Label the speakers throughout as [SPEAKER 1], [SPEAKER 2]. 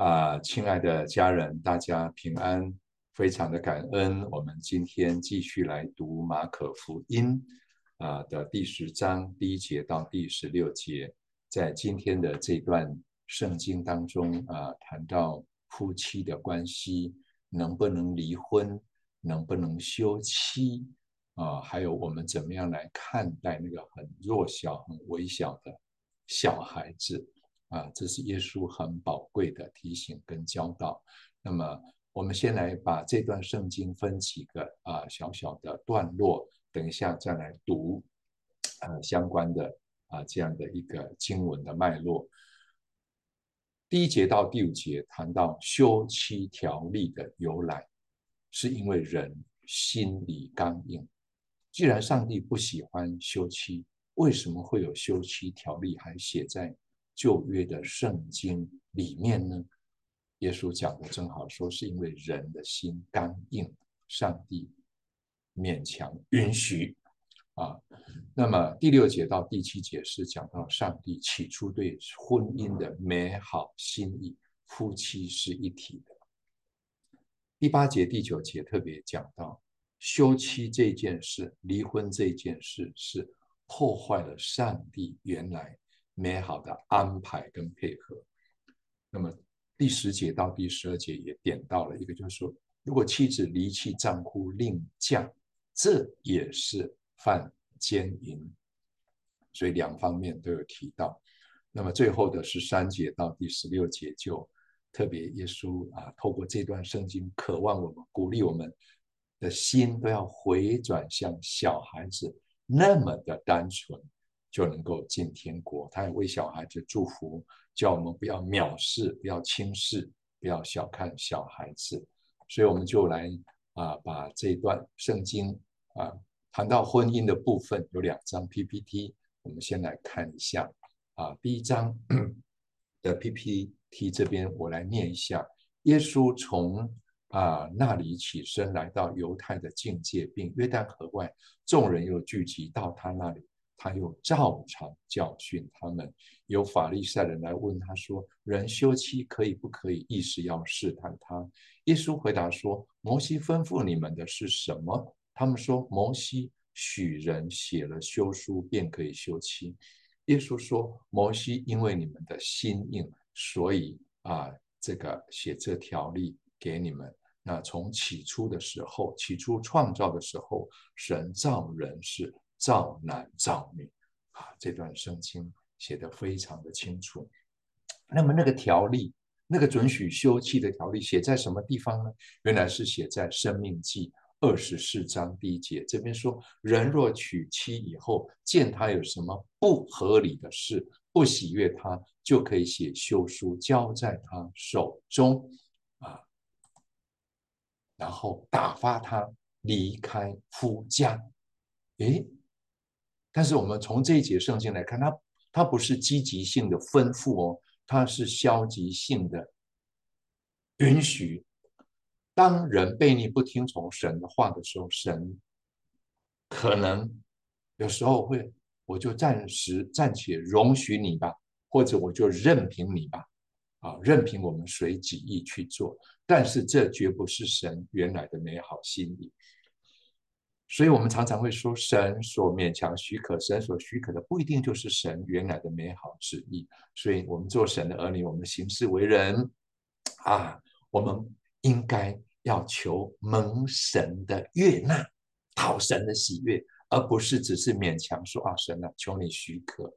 [SPEAKER 1] 啊，親愛的家人，大家平安，非常的感恩。我們今天繼續來讀馬可福音啊的第十章第一節到第十六節，在今天的這段聖經當中啊，談到夫妻的關係，能不能離婚，能不能休妻啊，還有我們怎麼樣來看待那個很弱小、很微小的小孩子。啊，這是耶穌很寶貴的提醒跟教導。那麼，我們先來把這段聖經分幾個啊小小的段落，等一下再來讀，啊，相關的啊這樣的一個經文的脈絡。第一節到第五節談到休妻條例的由來，是因為人心裡剛硬。既然上帝不喜歡休妻，為什麼會有休妻條例還寫在？舊約的聖經裡面呢，耶穌講的正好，說是因為人的心剛硬，上帝勉強允許啊。那麼第六節到第七節是講到上帝起初對婚姻的美好心意，夫妻是一體的。第八節、第九節特別講到休妻這件事，離婚這件事是破壞了上帝原來美好的安排跟配合，那麼第十節到第十二節也點到了一個，就是說，如果妻子離棄丈夫另嫁，這也是犯姦淫，所以兩方面都有提到。那麼最後的十三節到第十六節就，就特別耶穌啊，透過這段聖經，渴望我們鼓勵我們的心都要回轉向小孩子那麼的單純，就能夠進天國。他也為小孩子祝福，叫我們不要藐視、不要輕視、不要小看小孩子。所以我們就來啊、呃，把這一段聖經啊、呃、談到婚姻的部分有兩張 PPT，我們先來看一下啊、呃。第一張的 PPT 這邊我來念一下：耶穌從啊、呃、那裡起身，來到猶太的境界，並約旦河外，眾人又聚集到他那裡。他又照常教訓他們。有法利賽人來問他說：“人休妻可以不可以？”意思要試探他。耶穌回答說：“摩西吩咐你們的是什麼？”他們說：“摩西許人寫了休書便可以休妻。”耶穌說：“摩西因為你們的心硬，所以啊，這個寫這條例給你們。那從起初的時候，起初創造的時候，神造人是。”造男造女啊，這段聖經寫得非常的清楚。那麼那個條例，那個准許休妻的條例，寫在什麼地方呢？原來是寫在《申命記》二十四章第一節。這邊說，人若娶妻以後，見他有什麼不合理的事，不喜悅他，就可以寫休書交在他手中啊，然後打發他離開夫家。誒。但是我們從這一節聖經來看，它它不是積極性的吩咐哦，它是消極性的允許。當人悖逆不聽從神的話的時候，神可能有時候會，我就暫時暫且容許你吧，或者我就任憑你吧，啊，任憑我們隨己意去做。但是這絕不是神原來的美好心意。所以，我們常常會說，神所勉強許可，神所許可的不一定就是神原來的美好旨意。所以，我們做神的兒女，我們行事為人，啊，我們應該要求蒙神的悅納，討神的喜悅，而不是只是勉強說啊，神啊，求你許可。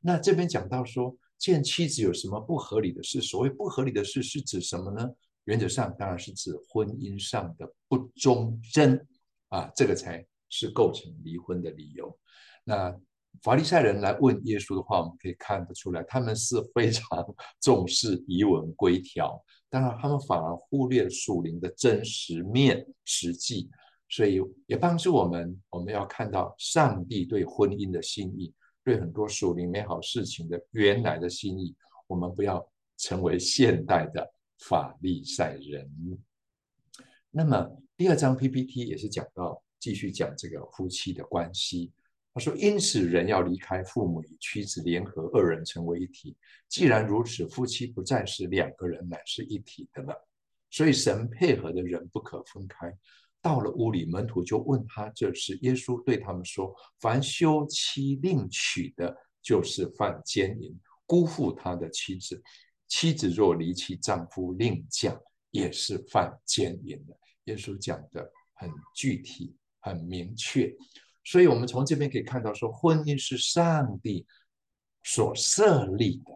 [SPEAKER 1] 那這邊講到說，見妻子有什麼不合理的事？所謂不合理的事是指什麼呢？原則上當然是指婚姻上的不忠貞。啊，這個才是構成離婚的理由。那法利賽人來問耶穌的話，我們可以看得出來，他們是非常重視儀文規條，當然他們反而忽略了屬靈的真實面、實際。所以也幫助我們，我們要看到上帝對婚姻的心意，對很多屬靈美好事情的原來的心意。我們不要成為現代的法利賽人。那麼。第二張 PPT 也是講到繼續講這個夫妻的關係。他說：“因此，人要離開父母與妻子，聯合二人成為一體。既然如此，夫妻不再是，兩個人乃是一體的了。所以，神配合的人不可分開。”到了屋裡，門徒就問他這事。耶穌對他們說：“凡休妻另娶的，就是犯姦淫，辜負他的妻子；妻子若離棄丈夫另嫁，也是犯姦淫的。”耶穌講的很具體、很明確，所以我們從這邊可以看到說，說婚姻是上帝所設立的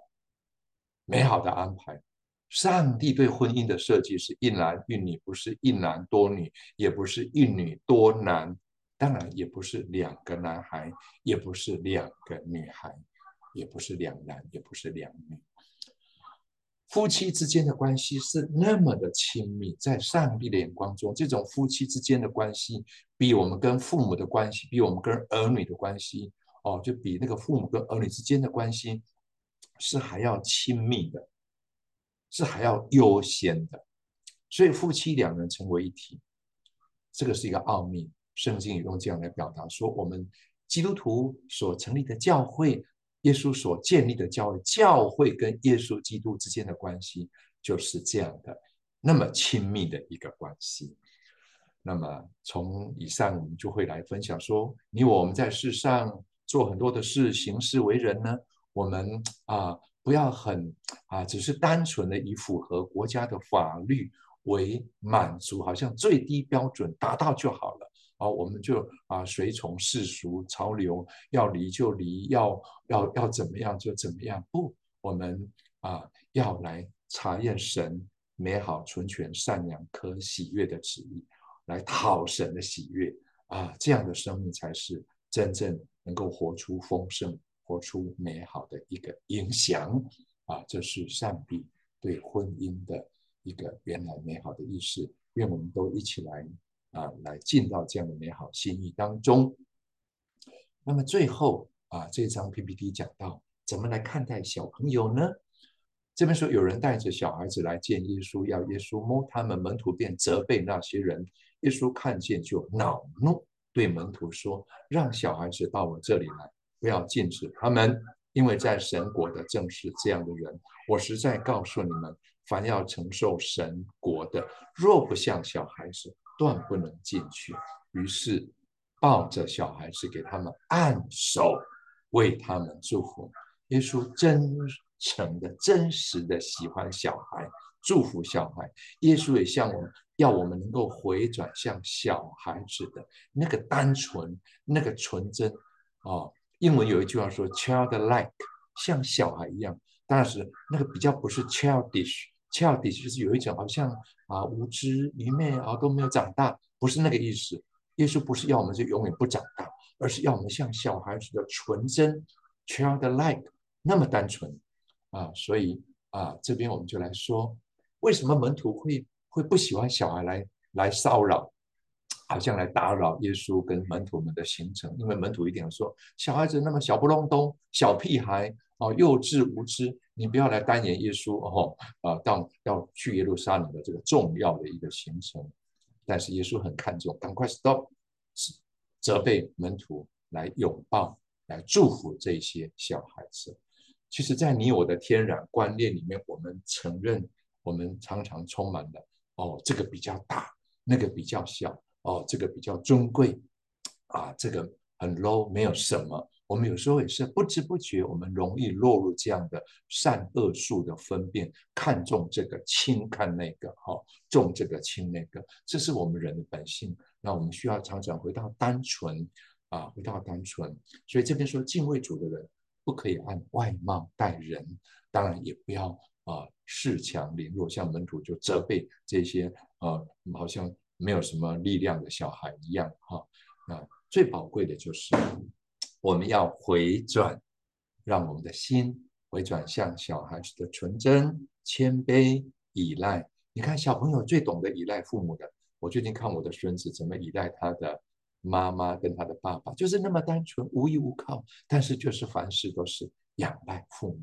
[SPEAKER 1] 美好的安排。上帝對婚姻的設計是一男一女，不是一男多女，也不是一女多男，當然也不是兩個男孩，也不是兩個女孩，也不是兩男，也不是兩女。夫妻之間的關係是那麼的親密，在上帝的眼光中，這種夫妻之間的關係比我們跟父母的關係，比我們跟兒女的關係，哦，就比那個父母跟兒女之間的關係是還要親密的，是還要優先的。所以夫妻兩人成為一體，這個是一個奧秘。聖經也用這樣來表達說，說我們基督徒所成立的教會。耶穌所建立的教會，教會跟耶穌基督之間的關係就是這樣的，那麼親密的一個關係。那麼從以上，我們就會來分享說，你我們在世上做很多的事，行事為人呢，我們啊、呃、不要很啊、呃，只是單純的以符合國家的法律為滿足，好像最低標準達到就好了。好、哦，我們就啊，隨從世俗潮流，要離就離，要要要怎麼樣就怎麼樣。不，我們啊，要來查驗神美好、純全、善良、可喜悅的旨意，來討神的喜悅啊。這樣的生命才是真正能夠活出豐盛、活出美好的一個影響啊。這是上帝對婚姻的一個原來美好的意思。願我們都一起來。啊，來進到這樣的美好心意當中。那麼最後啊，這張 PPT 講到怎麼來看待小朋友呢？這邊說有人帶着小孩子來見耶穌，要耶穌摸他們，門徒便責備那些人。耶穌看見就惱怒，對門徒說：“讓小孩子到我這裡來，不要禁止他們，因為在神國的正是這樣的人。”我實在告訴你們。凡要承受神國的，若不像小孩子，斷不能進去。於是抱着小孩子，給他們按手，為他們祝福。耶穌真誠的、真實的喜歡小孩，祝福小孩。耶穌也像我們要我們能夠回轉向小孩子的那個單純、那個純真。哦，英文有一句話說：“childlike”，像小孩一樣。但是那個比較不是 “childish”。恰底，就是有一種好像啊無知愚昧啊，都沒有長大，不是那個意思。耶穌不是要我們就永遠不長大，而是要我們像小孩子的純真，childlike 那麼單純啊。所以啊，這邊我們就來說，為什麼門徒會會不喜歡小孩來來騷擾，好像來打擾耶穌跟門徒們的行程？因為門徒一定要說小孩子那麼小不隆咚，小屁孩啊，幼稚無知。你不要來單言耶穌哦，啊，到要去耶路撒冷的這個重要的一個行程，但是耶穌很看重，趕快 stop，責備門徒來擁抱、來祝福這些小孩子。其實，在你我的天然觀念裡面，我們承認，我們常常充滿了哦，這個比較大，那個比較小，哦，這個比較尊貴，啊，這個很 low，沒有什麼。我們有時候也是不知不覺，我們容易落入這樣的善惡樹的分辨，看重這個輕看那個，哈，重這個輕那個，這是我們人的本性。那我們需要常常回到單純，啊，回到單純。所以這邊說，敬畏主的人不可以按外貌待人，當然也不要啊恃強凌弱，像門徒就責備這些呃、啊、好像沒有什麼力量的小孩一樣，哈、啊啊，那最寶貴的就是。我們要回轉，讓我們的心回轉向小孩子的純真、謙卑、依賴。你看，小朋友最懂得依賴父母的。我最近看我的孫子怎麼依賴他的媽媽跟他的爸爸，就是那麼單純、無依無靠，但是就是凡事都是仰賴父母。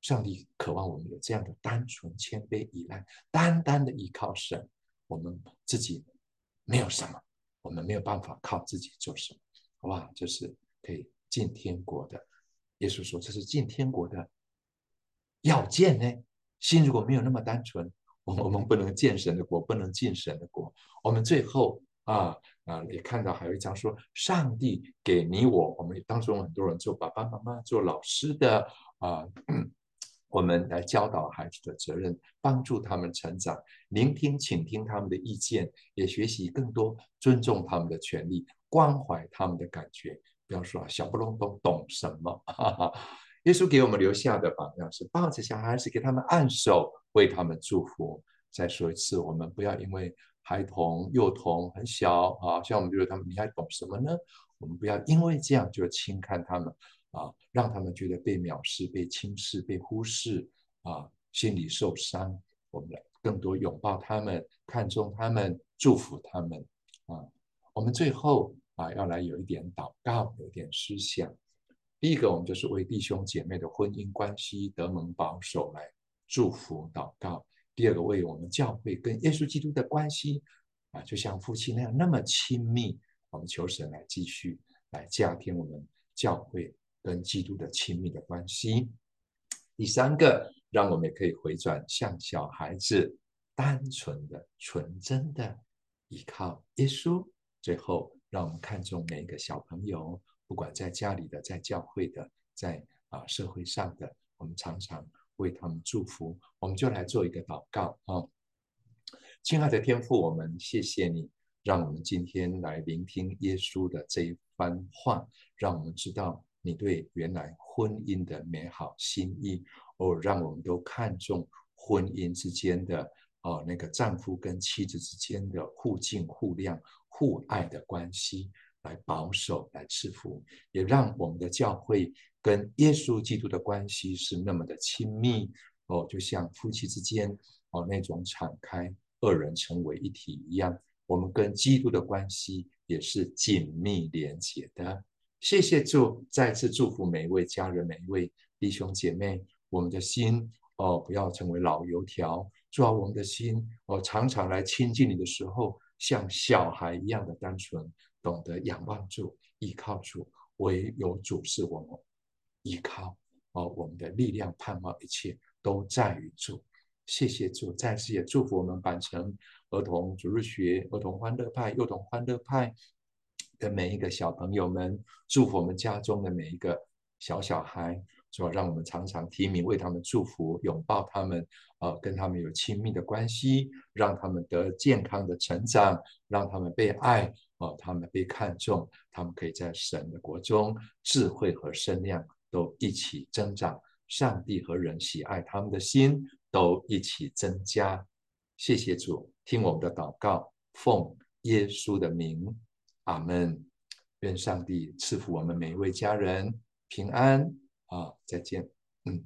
[SPEAKER 1] 上帝渴望我們有這樣的單純、謙卑、依賴，單單的依靠神。我們自己沒有什麼，我們沒有辦法靠自己做什麼，好不好？就是。可以進天國的，耶穌說：“這是進天國的要件呢。心如果沒有那麼單純，我們我們不能見神的國，不能進神的國。我們最後啊啊，也看到還有一章說，上帝給你我，我們當中很多人做爸爸媽媽，做老師的啊，我們來教導孩子的責任，幫助他們成長，聆聽、傾聽他們的意見，也學習更多尊重他們的權利，關懷他們的感覺。”不要說啊，小不隆咚懂什麼？哈哈耶穌給我們留下的榜樣是抱着小孩子，給他們按手，為他們祝福。再說一次，我們不要因為孩童、幼童很小啊，像我們就說他們，你還懂什麼呢？我們不要因為這樣就輕看他們啊，讓他們覺得被藐視、被輕視、被忽視啊，心裡受傷。我們來更多擁抱他們，看重他們，祝福他們啊。我們最後。啊，要來有一點禱告，有一點思想。第一個，我們就是為弟兄姐妹的婚姻關係得蒙保守來祝福禱告；第二個，為我們教會跟耶穌基督的關係啊，就像夫妻那樣那麼親密，我們求神來繼續來加添我們教會跟基督的親密的關係。第三個，讓我們也可以回轉向小孩子，單純的、純真的，依靠耶穌。最後。讓我們看重每一個小朋友，不管在家裡的、在教會的、在啊社會上的，我們常常為他們祝福。我們就來做一個禱告啊、哦，親愛的天父，我們謝謝你，讓我們今天來聆聽耶穌的這一番話，讓我們知道你對原來婚姻的美好心意哦，讓我們都看重婚姻之間的哦那個丈夫跟妻子之間的互敬互諒。父愛的關係來保守，來賜福，也讓我們的教會跟耶穌基督的關係是那麼的親密哦，就像夫妻之間哦那種敞開二人成為一體一樣，我們跟基督的關係也是緊密連結的。謝謝主，再次祝福每一位家人，每一位弟兄姐妹，我們的心哦不要成為老油條，最好我們的心哦常常來親近你的時候，像小孩一樣的單純，懂得仰望主、依靠主，唯有主是我們依靠。啊、哦，我們的力量盼望，一切都在於主。謝謝主，再次也祝福我們板城兒童主日學、兒童歡樂派、幼童歡樂派的每一個小朋友們，祝福我們家中的每一個小小孩。主讓我們常常提名，為他們祝福，擁抱他們，啊、呃，跟他們有親密的關係，讓他們得健康的成長，讓他們被愛，哦、呃，他們被看重，他們可以在神的國中，智慧和身量都一起增長，上帝和人喜愛他們的心都一起增加。謝謝主，聽我們的禱告，奉耶穌的名，阿門。願上帝賜福我們每一位家人平安。啊，再見。嗯。